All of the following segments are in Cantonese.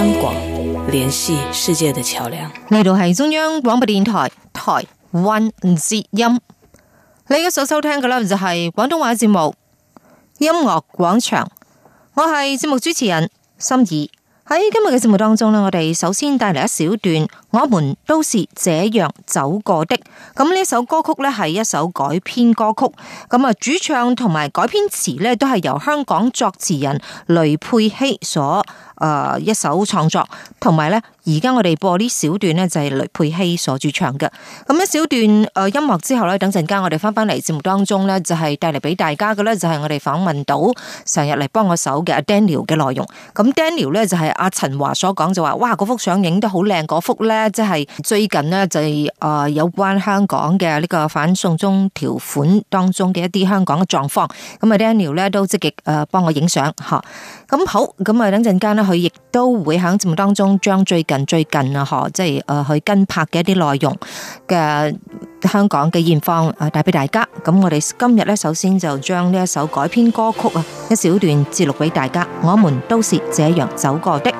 香港聯繫世界的橋樑，呢度係中央廣播電台台灣節音。你而家所收聽嘅呢，就係廣東話節目《音樂廣場》，我係節目主持人心儀。喺今日嘅節目當中呢，我哋首先帶嚟一小段《我們都是這樣走過的》。咁呢首歌曲呢，係一首改編歌曲，咁啊主唱同埋改編詞呢，都係由香港作詞人雷佩希所。誒，一首創作，同埋咧，而家我哋播呢小段，小段呢，呢，就係雷佩希所主唱嘅。咁呢小段誒音樂之後咧，等陣間我哋翻翻嚟節目當中咧，就係帶嚟俾大家嘅咧，就係我哋訪問到成日嚟幫我手嘅阿 Daniel 嘅內容。咁 Daniel 咧就係阿陳華所講，就話哇，嗰幅相影得好靚，嗰幅咧即係最近呢，就係、是、誒有關香港嘅呢個反送中條款當中嘅一啲香港嘅狀況。咁啊 Daniel 咧都積極誒幫我影相吓。咁好，咁啊，等陣間呢，佢亦都會喺節目當中將最近最近啊，嗬，即係誒，佢跟拍嘅一啲內容嘅香港嘅現況啊，帶俾大家。咁我哋今日呢，首先就將呢一首改編歌曲啊，一小段節錄俾大家。我們都是這樣走過的，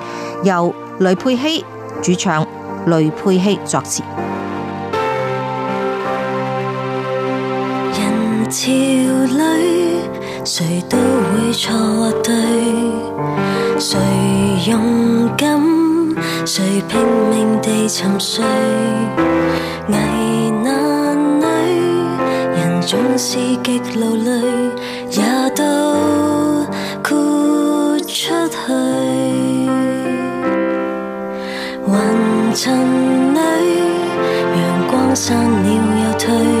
由雷佩希主唱，雷佩希作詞。人潮裏。誰都會錯對，誰勇敢，誰拼命地沉睡。危難裏，人總是極勞累，也都豁出去。雲層裏，陽光散了又退。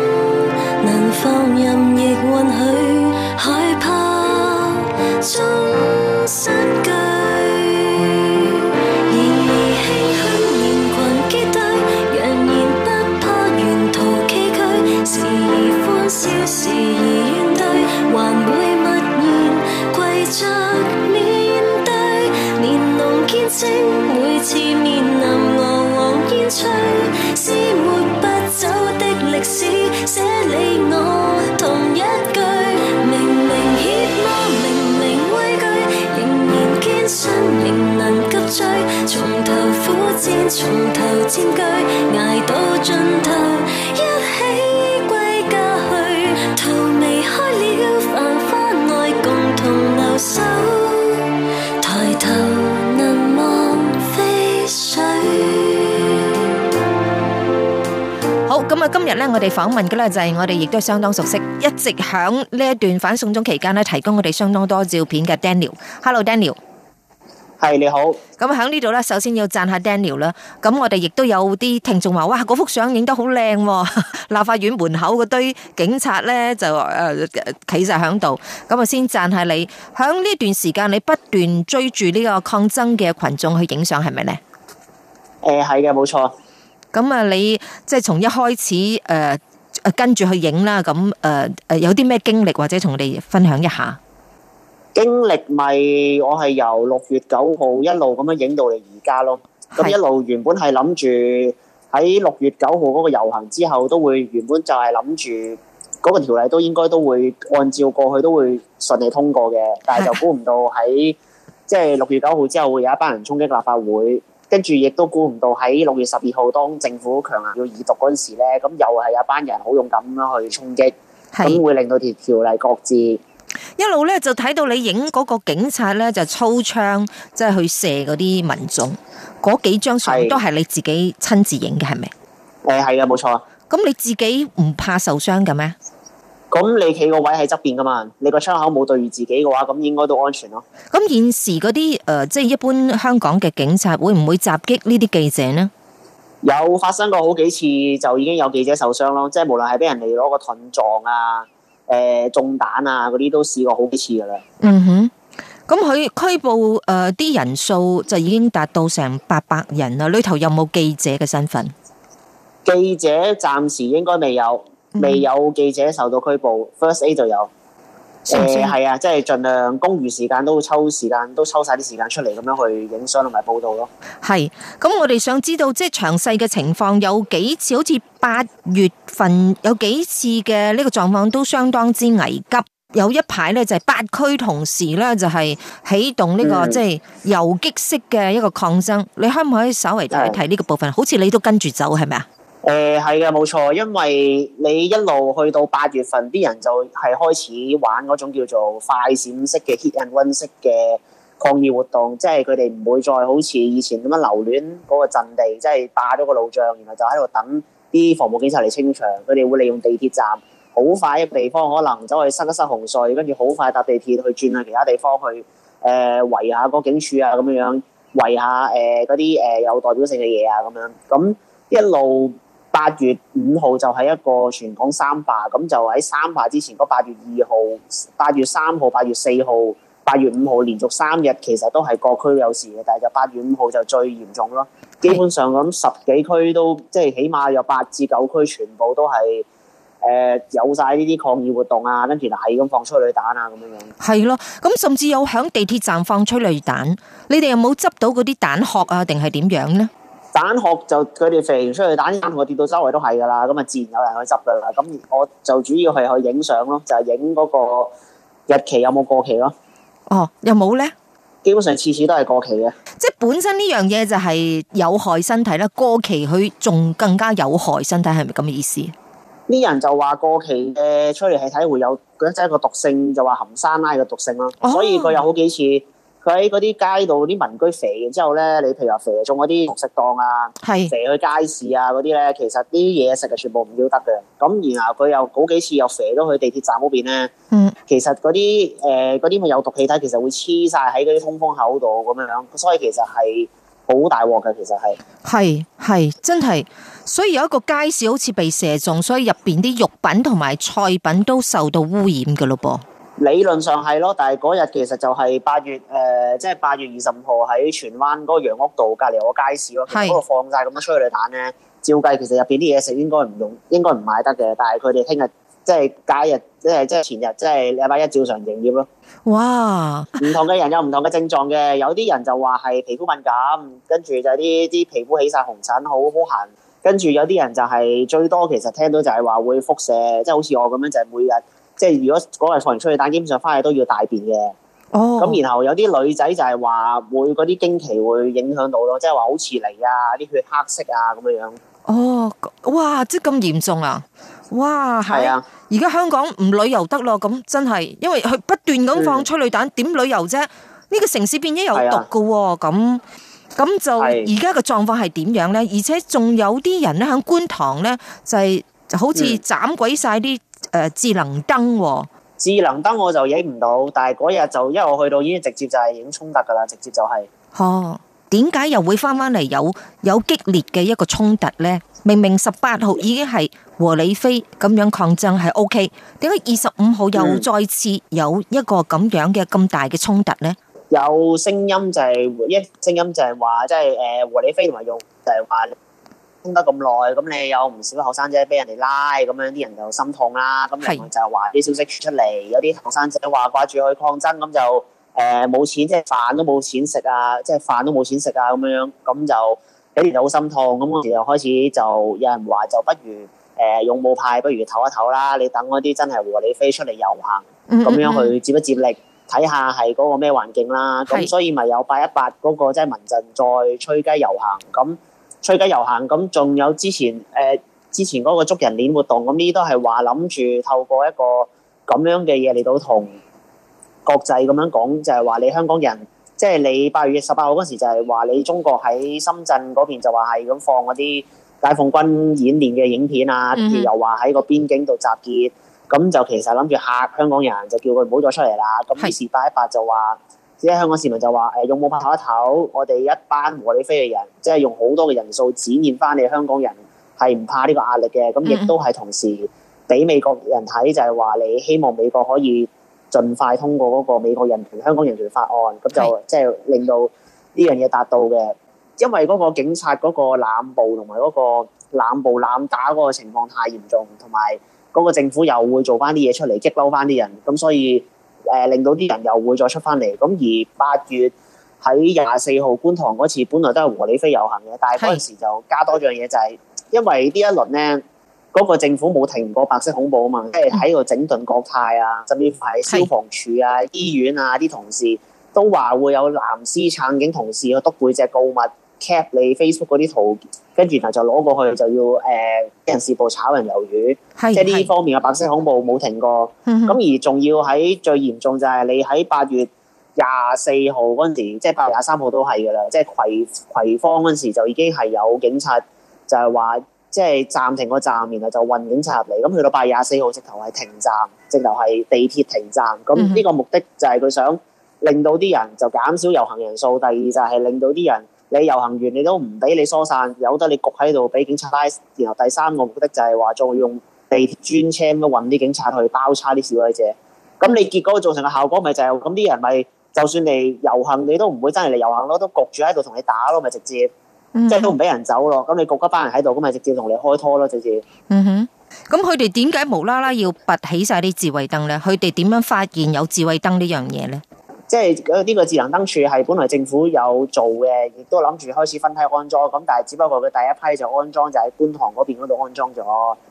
咧，我哋訪問嘅咧就係我哋亦都相當熟悉，一直響呢一段反送中期間呢，提供我哋相當多照片嘅 Daniel。Hello，Daniel，係你好。咁響呢度呢，首先要讚下 Daniel 啦。咁我哋亦都有啲聽眾話，哇，嗰幅相影得好靚，立法院門口嗰堆警察呢就誒企實響度。咁啊，先讚下你。響呢段時間，你不斷追住呢個抗爭嘅群眾去影相，係咪呢？誒，係嘅，冇錯。咁啊，你即係從一開始，誒、呃，誒跟住去影啦。咁，誒，誒，有啲咩經歷或者同我哋分享一下？經歷咪、就是，我係由六月九號一路咁樣影到嚟而家咯。咁一路原本係諗住喺六月九號嗰個遊行之後，都會原本就係諗住嗰個條例都應該都會按照過去都會順利通過嘅。但係就估唔到喺即係六月九號之後會有一班人衝擊立法會。跟住亦都估唔到喺六月十二號當政府強行要二讀嗰陣時呢，咁又係一班人好勇敢咁樣去衝擊，咁會令到條條例擱置一路呢，就睇到你影嗰個警察呢，就操槍，即係去射嗰啲民眾，嗰幾張相都係你自己親自影嘅，係咪？誒係嘅，冇錯。咁你自己唔怕受傷嘅咩？咁你企個位喺側邊噶嘛？你個窗口冇對住自己嘅話，咁應該都安全咯。咁現時嗰啲誒，即係一般香港嘅警察會唔會襲擊呢啲記者呢？有發生過好幾次，就已經有記者受傷咯。即係無論係俾人哋攞個盾撞啊，誒、呃，中彈啊，嗰啲都試過好幾次噶啦。嗯哼，咁佢拘捕誒啲人數就已經達到成八百人啦，裏頭有冇記者嘅身份？記者暫時應該未有。嗯、未有記者受到拘捕，First A 就有。誒係啊，即、就、係、係、盡量公餘時間都抽時間，都抽晒啲時間出嚟咁樣去影相同埋報道咯。係，咁我哋想知道即係、就係、詳細嘅情況有幾次？好似八月份有幾次嘅呢個狀況都相當之危急。有一排呢，就係八區同時呢，就係起動呢、呢個即係、嗯、遊擊式嘅一個抗爭。你可唔可以稍微睇一睇呢個部分？的好似你都跟住走係咪啊？是。誒，係嘅、呃，冇錯，因為你一路去到八月份，啲人就係開始玩嗰種叫做快閃式嘅 hit and run 式嘅抗議活動，即係佢哋唔會再好似以前咁樣留戀嗰個陣地，即係霸咗個路障，然後就喺度等啲防暴警察嚟清場。佢哋會利用地鐵站，好快一個地方，可能走去塞一塞紅隧，跟住好快搭地鐵去轉去其他地方去，誒、呃、圍下個警署啊，咁樣樣圍下誒嗰啲誒有代表性嘅嘢啊，咁樣咁一路。八月五號就係一個全港三罷，咁就喺三罷之前八月二號、八月三號、八月四號、八月五號連續三日，其實都係各區有事嘅，但係就八月五號就最嚴重咯。基本上咁十幾區都，即係起碼有八至九區全部都係誒、呃、有晒呢啲抗議活動啊，跟住係咁放催淚彈啊，咁樣樣。係咯，咁甚至有喺地鐵站放催淚彈，你哋有冇執到嗰啲彈殼啊？定係點樣呢？蛋殼就佢哋肥出去，蛋殼跌到周圍都係㗎啦，咁啊自然有人去執㗎啦。咁我就主要係去影相咯，就係影嗰個日期有冇過期咯。哦，有冇咧？基本上次次都係過期嘅。即係本身呢樣嘢就係有害身體啦，過期佢仲更加有害身體，係咪咁嘅意思？啲人就話過期嘅出嚟係睇會有，嗰陣即係個毒性就話含山奶嘅毒性咯，所以佢有好幾次。哦。佢喺嗰啲街道啲民居射完之後咧，你譬如話射中嗰啲熟食檔啊，射是去街市啊嗰啲咧，其實啲嘢食就全部唔要得嘅。咁然後佢又好幾次又射咗去地鐵站嗰邊咧，嗯、其實嗰啲誒啲咪有毒氣體，其實會黐晒喺嗰啲通風口度咁樣，所以其實係好大鑊嘅。其實係係係真係，所以有一個街市好似被射中，所以入邊啲肉品同埋菜品都受到污染嘅咯噃。理論上係咯，但係嗰日其實就係八月誒，即係八月二十五號喺荃灣嗰個楊屋道隔離我街市咯，嗰度放晒咁樣出去催淚彈咧。照計其實入邊啲嘢食應該唔用，應該唔買得嘅。但係佢哋聽日即係假日，即係即係前日，即係禮拜一照常營業咯。哇！唔同嘅人有唔同嘅症狀嘅，有啲人就話係皮膚敏感，跟住就係啲啲皮膚起晒紅疹，好好痕。跟住有啲人就係最多，其實聽到就係話會輻射，即係好似我咁樣就係每日。即係如果嗰日放完催淚彈，基本上翻去都要大便嘅。哦，咁然後有啲女仔就係話會嗰啲經期會影響到咯，即係話好遲嚟啊，啲血黑色啊咁樣樣。哦，哇！即係咁嚴重啊！哇，係啊！而家香港唔旅遊得咯，咁真係，因為佢不斷咁放催淚彈，點、嗯、旅遊啫？呢、這個城市變咗有毒噶喎，咁咁、啊、就而家嘅狀況係點樣咧？是而且仲有啲人咧喺觀塘咧、嗯，就係好似斬鬼晒啲。誒，智能燈、哦，智能燈我就影唔到，但係嗰日就因為我去到已經直接就係影衝突噶啦，直接就係、是。哦，點解又會翻翻嚟，有有激烈嘅一個衝突呢？明明十八號已經係和理非咁樣抗爭係 O K，點解二十五號又再次有一個咁樣嘅咁、嗯、大嘅衝突呢？有聲音就係一聲音就係話，即係誒，和理非同埋勇就係話。傾得咁耐，咁你有唔少後生仔俾人哋拉，咁樣啲人就心痛啦。咁另外就話話啲消息出嚟，有啲後生仔話掛住去抗爭，咁就冇、呃、錢，即、就、係、是、飯都冇錢食啊，即、就、係、是、飯都冇錢食啊咁樣。咁就俾人就好心痛。咁我哋就開始就有人話，就不如勇武、呃、派不如唞一唞啦。你等嗰啲真係和你飛出嚟遊行，咁、嗯嗯嗯、樣去接一接力，睇下係嗰個咩環境啦。咁是所以咪有八一八嗰個即係、就是、民陣再吹雞遊行咁。吹街遊行咁，仲有之前誒、呃、之前嗰個捉人鏈活動，咁呢啲都係話諗住透過一個咁樣嘅嘢嚟到同國際咁樣講，就係、是、話你香港人，即、就、係、是、你八月十八號嗰時就係話你中國喺深圳嗰邊就話係咁放嗰啲解放軍演練嘅影片啊，又話喺個邊境度集結，咁、mm hmm. 就其實諗住嚇，嚇香港人，就叫佢唔好再出嚟啦。咁於是八一八就話。即係香港市民就話：誒、嗯、用冇拍一頭，我哋一班和你飛嘅人，即、就、係、是、用好多嘅人數展現翻你香港人係唔怕呢個壓力嘅。咁亦都係同時俾美國人睇，就係、是、話你希望美國可以盡快通過嗰個美國人權、香港人權法案。咁就即係令到呢樣嘢達到嘅。因為嗰個警察嗰個濫捕同埋嗰個濫捕濫打嗰個情況太嚴重，同埋嗰個政府又會做翻啲嘢出嚟激嬲翻啲人，咁所以。誒、令到啲人又會再出翻嚟，咁而八月喺廿四號觀塘嗰次，本來都係和理非遊行嘅，但係嗰陣時就加多樣嘢、就是，就係因為呢一輪呢，嗰、那個政府冇停過白色恐怖啊嘛，即係喺度整頓國泰啊，甚至乎係消防處啊、是的 醫院啊啲同事都話會有藍絲撐警同事去篤背脊告密。cap 你 Facebook 嗰啲圖，跟住然後就攞過去就要誒、呃、人事部炒人魷魚，是即係呢方面嘅白色恐怖冇停過。咁是而仲要喺最嚴重就係你喺八月廿四號嗰陣時，即係八月廿三號都係嘅啦，即、就、係、是、葵葵芳嗰陣時就已經係有警察就係話即係暫停個站，然後就運警察入嚟。咁去到八月廿四號直頭係停站，直頭係地鐵停站。咁呢個目的就係佢想令到啲人就減少遊行人數，第二就係令到啲人。你遊行完你都唔俾你疏散，由得你焗喺度，俾警察拉。然後第三個目的就係話，再用地鐵專車咁樣運啲警察去包抄啲示威者。咁你結果造成嘅效果咪就係咁啲人咪就，就算你遊行，你都唔會真係嚟遊行咯，都焗住喺度同你打咯，咪直接即係、嗯、哼都唔俾人走咯。咁你焗一班人喺度，咁咪直接同你開拖咯，直接。嗯哼，咁佢哋點解無啦啦要拔起晒啲智慧燈咧？佢哋點樣發現有智慧燈呢樣嘢咧？即係呢個智能燈柱係本來政府有做嘅，亦都諗住開始分批安裝咁，但係只不過佢第一批就安裝就喺觀塘嗰邊嗰度安裝咗。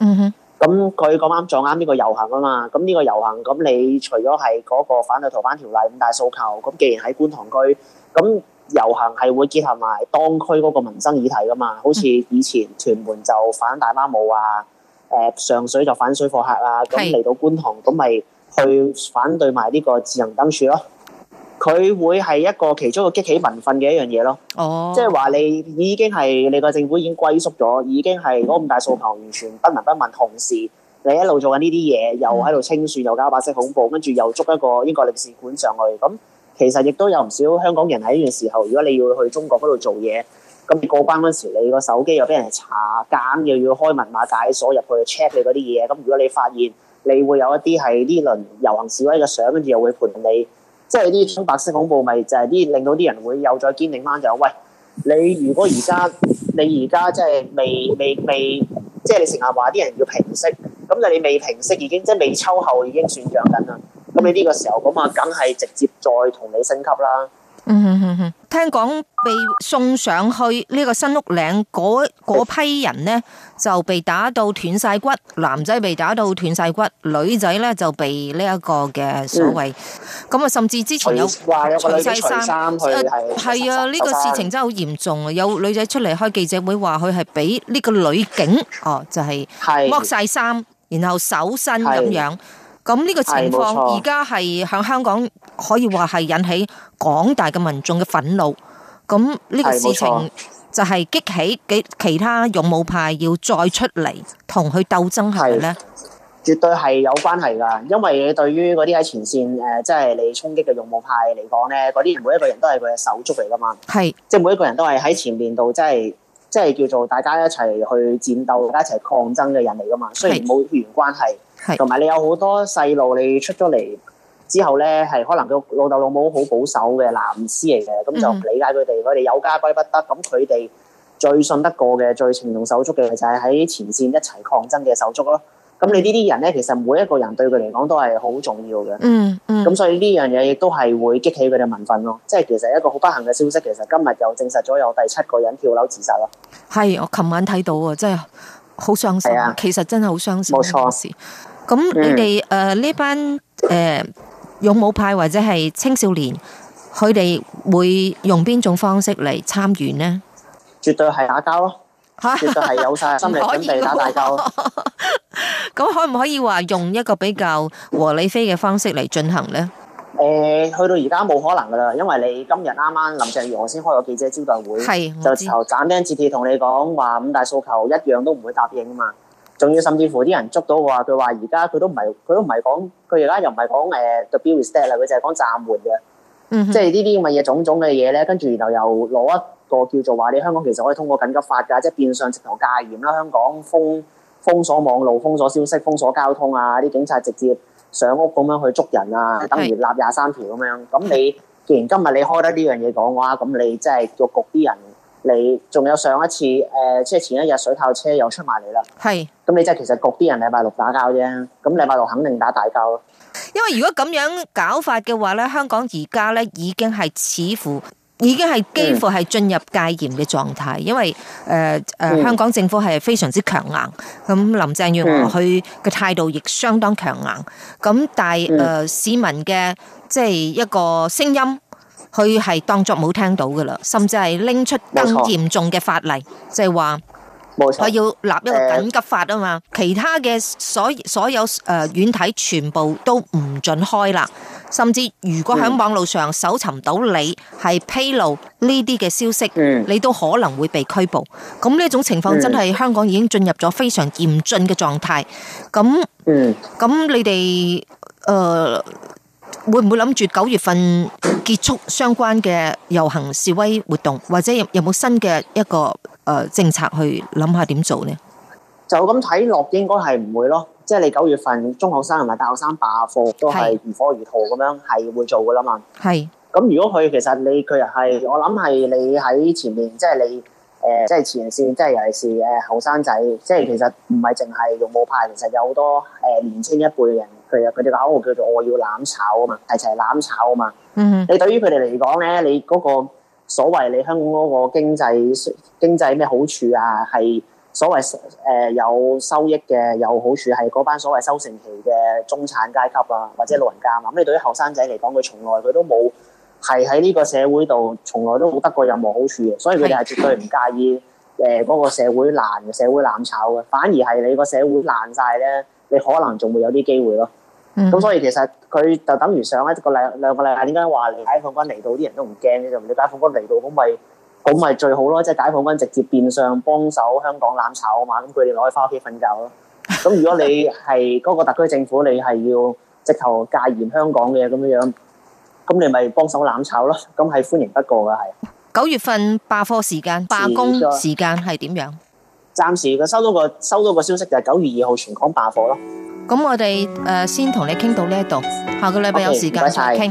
嗯哼，咁佢咁啱撞啱呢個遊行啊嘛。咁呢個遊行咁，你除咗係嗰個反對逃犯條例五大訴求，咁既然喺觀塘區，咁遊行係會結合埋當區嗰個民生議題㗎嘛？好似以前屯門就反大媽舞啊，誒、呃、上水就反水貨客啊，咁嚟到觀塘咁咪去反對埋呢個智能燈柱咯。佢會係一個其中一個激起民憤嘅一樣嘢咯，即係話你已經係你個政府已經歸縮咗，已經係嗰五大訴求，完全不聞不問。同時你一路做緊呢啲嘢，又喺度清算，又搞白色恐怖，跟住又捉一個英國領事館上去。咁其實亦都有唔少香港人喺呢段時候，如果你要去中國嗰度做嘢，咁你過關嗰時，你個手機又俾人查，夾硬又要開密碼解鎖入去 check 你嗰啲嘢。咁如果你發現，你會有一啲係呢輪遊行示威嘅相，跟住又會盤你。即係啲白色恐怖，咪就係啲令到啲人會又再堅定翻就喂！你如果而家你而家即係未未未，即係你成日話啲人要平息，咁但係你未平息已經即係未秋後已經算帳緊啦。咁你呢個時候咁啊，梗係直接再同你升級啦。嗯哼哼聽講被送上去呢個新屋嶺嗰批人呢，就被打到斷晒骨，男仔被打到斷晒骨，女仔呢就被呢一個嘅所謂，咁啊、嗯、甚至之前有除晒衫，係啊呢、啊這個事情真係好嚴重啊！有女仔出嚟開記者會話，佢係俾呢個女警哦、啊，就係剝晒衫，是然後搜身咁樣。咁呢個情況而家係喺香港可以話係引起廣大嘅民眾嘅憤怒。咁呢個事情就係激起幾其他勇武派要再出嚟同佢鬥爭係咧？絕對係有關係噶，因為對於嗰啲喺前線誒，即係你衝擊嘅勇武派嚟講呢，嗰啲每一個人都係佢嘅手足嚟噶嘛。係，即係每一個人都係喺前面度，即係即係叫做大家一齊去戰鬥，大家一齊抗爭嘅人嚟噶嘛。雖然冇血緣關係。同埋是你有好多細路，你出咗嚟之後呢，係可能個老豆老母好保守嘅藍絲嚟嘅，咁就唔理解佢哋，佢哋、嗯、有家歸不得，咁佢哋最信得過嘅、最情同手足嘅，就係喺前線一齊抗爭嘅手足咯。咁你呢啲人呢，其實每一個人對佢嚟講都係好重要嘅、嗯。嗯嗯。咁所以呢樣嘢亦都係會激起佢哋民憤咯。即係其實一個好不幸嘅消息，其實今日又證實咗有第七個人跳樓自殺咯。係，我琴晚睇到啊，真係。好傷心，啊、其實真係好傷心。冇錯事，咁錯你哋誒呢班誒、呃、勇武派或者係青少年，佢哋會用邊種方式嚟參與呢？絕對係打交咯，啊、絕對係有晒心理準備打大交。咁可唔可以話、啊、 用一個比較和理非嘅方式嚟進行呢？誒，去到而家冇可能噶啦，因為你今日啱啱林鄭月娥先開個記者招待會，就就斬釘截鐵同你講話五大訴求一樣都唔會答應啊嘛。仲要甚至乎啲人捉到話，佢話而家佢都唔係，佢都唔係講，佢而家又唔係講誒個 The bill is dead 啦，佢就係講暫緩嘅。嗯、哼即係呢啲咁嘅嘢，種種嘅嘢咧，跟住然後又攞一個叫做話，說你香港其實可以通過緊急法㗎，即係變相直頭戒嚴啦，香港封封鎖網路、封鎖消息、封鎖交通啊，啲警察直接。上屋咁樣去捉人啊，等於立廿三條咁樣。咁是你既然今日你開得呢樣嘢講嘅話，咁你即係叫焗啲人。你仲有上一次誒，即、呃、係前一日水炮車又出埋嚟啦。係。咁你即係其實焗啲人禮拜六打交啫。咁禮拜六肯定打大交咯。因為如果咁樣搞法嘅話咧，香港而家咧已經係似乎。已經係幾乎係進入戒嚴嘅狀態，嗯、因為誒誒、呃呃，香港政府係非常之強硬，咁林鄭月娥佢嘅態度亦相當強硬，咁但係誒、嗯呃、市民嘅即係一個聲音，佢係當作冇聽到噶啦，甚至係拎出更嚴重嘅法例，冇錯，就係話。我要立一個緊急法啊嘛，其他嘅所所有誒，軟體全部都唔准開啦。甚至如果喺網路上搜尋到你係披露呢啲嘅消息，你都可能會被拘捕。咁呢一種情況真係香港已經進入咗非常嚴峻嘅狀態。咁，咁你哋誒會唔會諗住九月份結束相關嘅遊行示威活動，或者有有冇新嘅一個？誒，政策去諗下點做咧？就咁睇落，應該係唔會咯。即係你九月份中學生同埋大學生罷課，都係如火如荼咁樣，係會做噶啦嘛。係。咁如果佢其實你佢又係，我諗係你喺前面，即係你誒，即係前線，即係尤其是誒後生仔，即係其實唔係淨係用武派，其實有好多誒年青一輩人，佢啊佢哋個口號叫做我要攬炒啊嘛，齊齊攬炒啊嘛。嗯。你對於佢哋嚟講咧，你嗰個。所謂你香港嗰個經濟經濟咩好處啊？係所謂誒、呃、有收益嘅有好處係嗰班所謂收成期嘅中產階級啊，或者老人家啊。咁、嗯、你對於後生仔嚟講，佢從來佢都冇係喺呢個社會度，從來都冇得過任何好處嘅，所以佢哋係絕對唔介意誒嗰、呃那個社會爛、社會攬炒嘅。反而係你個社會爛晒咧，你可能仲會有啲機會咯。咁所以其實佢就等於上一個兩兩個禮拜，點解話解放軍嚟到啲人都唔驚咧？就唔瞭解放軍嚟到咁咪咁咪最好咯，即係解放軍直接變相幫手香港攬炒啊嘛！咁佢哋攞去翻屋企瞓覺咯。咁如果你係嗰個特區政府，你係要直頭戒嚴香港嘅咁樣樣，咁你咪幫手攬炒咯。咁係歡迎不過噶係。九月份罷課時間、罷工時間係點樣？暫時佢收到個收到個消息就係九月二號全港罷課咯。咁我哋誒先同你傾到呢一度，下個禮拜有時間再傾。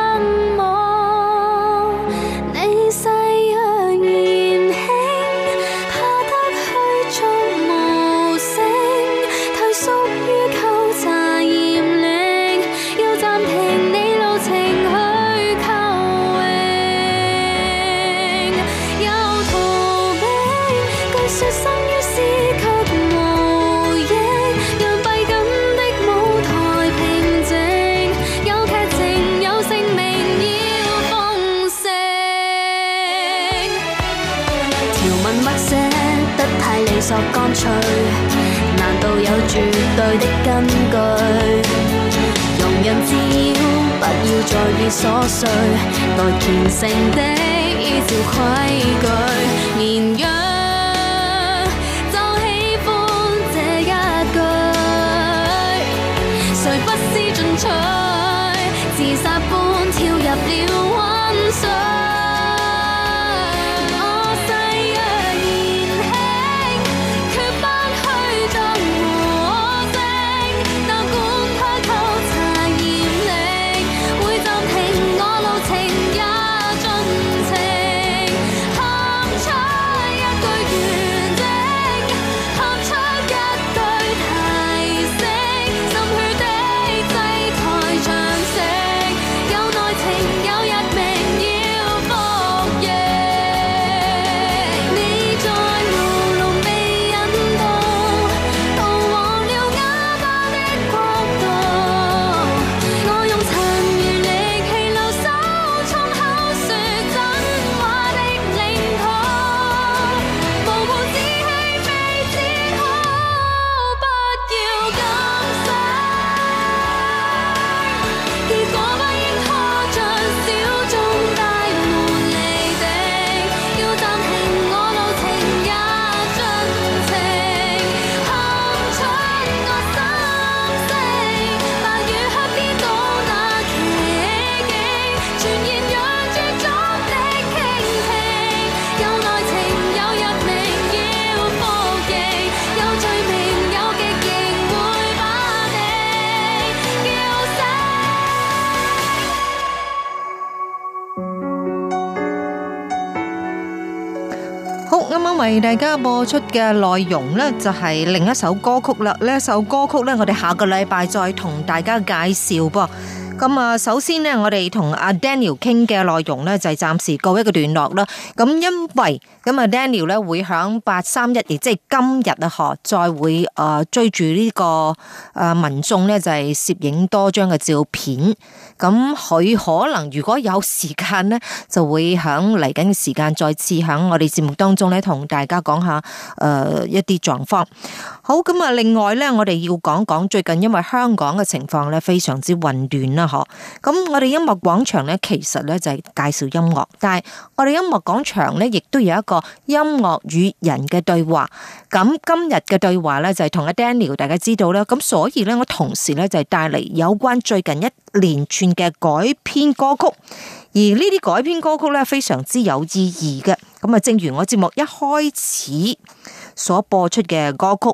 理所乾脆，難道有絕對的根據？容忍只要不要在意瑣碎，來虔誠的依照規矩。為大家播出嘅內容呢，就係另一首歌曲啦。呢一首歌曲呢，我哋下個禮拜再同大家介紹噃。咁啊，首先呢，我哋同阿 Daniel 傾嘅內容呢，就係暫時告一個段落啦。咁因為咁啊，Daniel 咧會響八三一亦即係今日啊，再會誒追住呢個誒民眾呢，就係攝影多張嘅照片。咁佢可能如果有時間呢，就會響嚟緊嘅時間，再次響我哋節目當中呢，同大家講下誒一啲狀況。好咁啊，另外咧，我哋要講講最近，因為香港嘅情況咧非常之混亂啦，嗬。咁我哋音樂廣場咧，其實咧就係介紹音樂，但係我哋音樂廣場咧，亦都有一個音樂與人嘅對話。咁今日嘅對話咧就係同阿 Daniel，大家知道啦。咁所以咧，我同時咧就係帶嚟有關最近一連串嘅改編歌曲，而呢啲改編歌曲咧非常之有意義嘅。咁啊，正如我節目一開始。所播出嘅歌曲，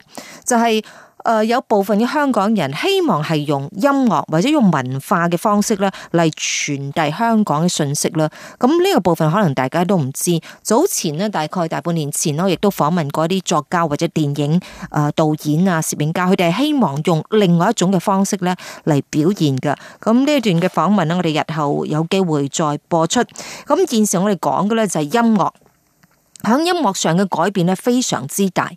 就係、是、誒有部分嘅香港人希望係用音樂或者用文化嘅方式咧嚟傳遞香港嘅信息啦。咁呢個部分可能大家都唔知道。早前咧，大概大半年前咯，亦都訪問過一啲作家或者電影誒導演啊、攝影家，佢哋係希望用另外一種嘅方式咧嚟表現嘅。咁呢段嘅訪問咧，我哋日後有機會再播出。咁現時我哋講嘅咧就係音樂。響音樂上嘅改變咧非常之大，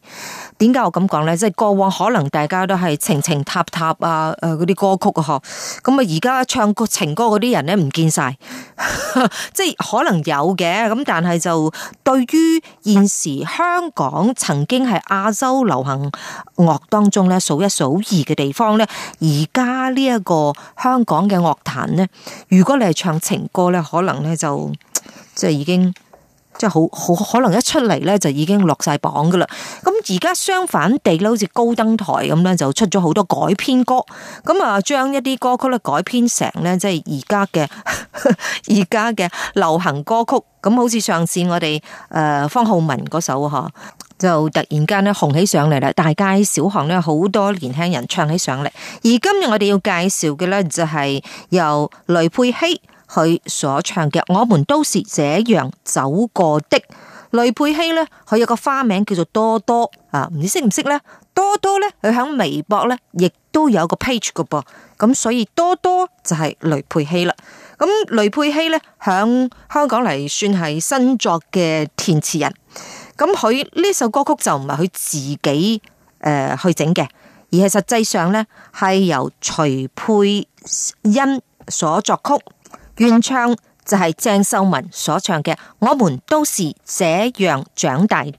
點解我咁講咧？即係過往可能大家都係情情塔塔啊，誒嗰啲歌曲啊，嗬，咁啊而家唱歌情歌嗰啲人咧唔見晒，即 係可能有嘅，咁但係就對於現時香港曾經係亞洲流行樂當中咧數一數二嘅地方咧，而家呢一個香港嘅樂壇咧，如果你係唱情歌咧，可能咧就即係已經。即係好好可能一出嚟咧就已經落晒榜噶啦，咁而家相反地咧，好似高登台咁咧就出咗好多改編歌，咁啊將一啲歌曲咧改編成咧即係而家嘅而家嘅流行歌曲，咁好似上次我哋誒方浩文嗰首呵，就突然間咧紅起上嚟啦，大街小巷咧好多年輕人唱起上嚟，而今日我哋要介紹嘅咧就係由雷佩希。佢所唱嘅，我們都是這樣走過的。雷佩希呢，佢有個花名叫做多多啊，唔知識唔識呢？多多呢，佢喺微博呢亦都有個 page 嘅噃，咁所以多多就係雷佩希啦。咁雷佩希呢，響香港嚟算係新作嘅填詞人。咁佢呢首歌曲就唔係佢自己誒、呃、去整嘅，而係實際上呢，係由徐佩欣所作曲。原唱就係鄭秀文所唱嘅《我們都是這樣長大的》，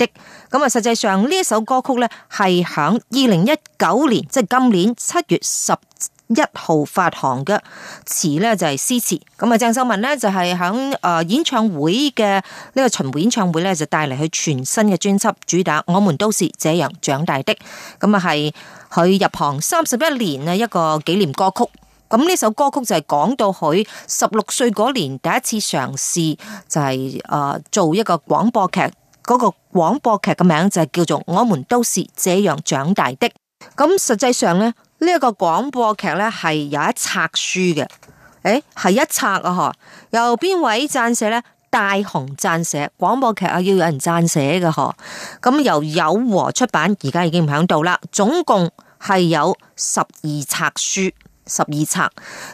咁啊，實際上呢一首歌曲呢，係響二零一九年，即係今年七月十一號發行嘅詞呢，就係詩詞，咁啊，鄭秀文呢，就係響誒演唱會嘅呢個巡迴演唱會呢，就帶嚟佢全新嘅專輯主打《我們都是這樣長大的》，咁啊係佢入行三十一年嘅一個紀念歌曲。咁呢首歌曲就係講到佢十六歲嗰年第一次嘗試就係、是、誒、呃、做一個廣播劇。嗰、那個廣播劇嘅名就係叫做《我們都是這樣長大的》。咁實際上呢，呢、這、一個廣播劇呢係有一冊書嘅，誒、欸、係一冊啊。嗬，由邊位撰寫呢？大雄撰寫廣播劇啊，要有人撰寫嘅。嗬，咁由友和出版，而家已經唔喺度啦。總共係有十二冊書。十二冊，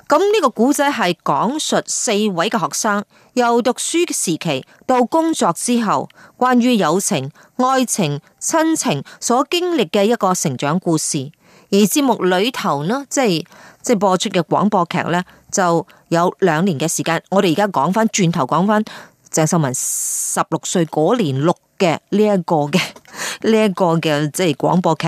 咁呢個古仔係講述四位嘅學生由讀書嘅時期到工作之後，關於友情、愛情、親情所經歷嘅一個成長故事。而節目裏頭呢，即係即係播出嘅廣播劇呢，就有兩年嘅時間。我哋而家講翻轉頭，講翻鄭秀文十六歲嗰年錄嘅呢一個嘅。呢一個嘅，即係廣播劇，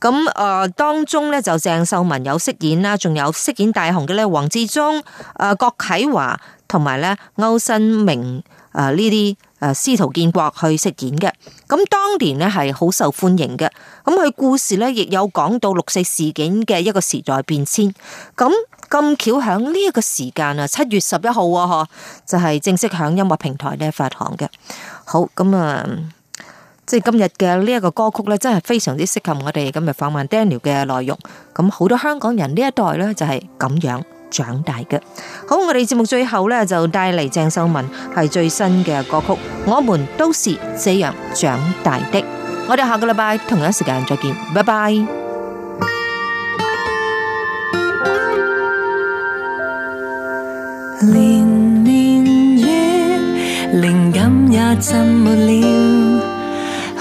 咁啊、呃、當中咧就鄭秀文有飾演啦，仲有飾演大雄嘅咧黃志忠、啊、呃、郭啟華同埋咧歐新明啊呢啲司徒建國去飾演嘅，咁當年呢係好受歡迎嘅，咁佢故事咧亦有講到六四事件嘅一個時代變遷，咁咁巧響呢一個時間啊七月十一號喎，就係、是、正式響音樂平台咧發行嘅，好咁啊。即係今日嘅呢一個歌曲咧，真係非常之適合我哋今日訪問 Daniel 嘅內容。咁好多香港人呢一代咧，就係咁樣長大嘅。好，我哋節目最後咧就帶嚟鄭秀文係最新嘅歌曲《我們都是這樣長大的》。我哋下個禮拜同一時間再見，拜拜。連綿雨，靈感也浸沒了。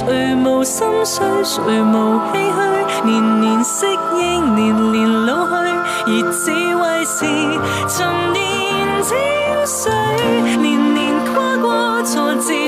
誰無心碎，誰無唏噓？年年適應，年年老去，而智慧是沉澱精髓。年年跨過挫折。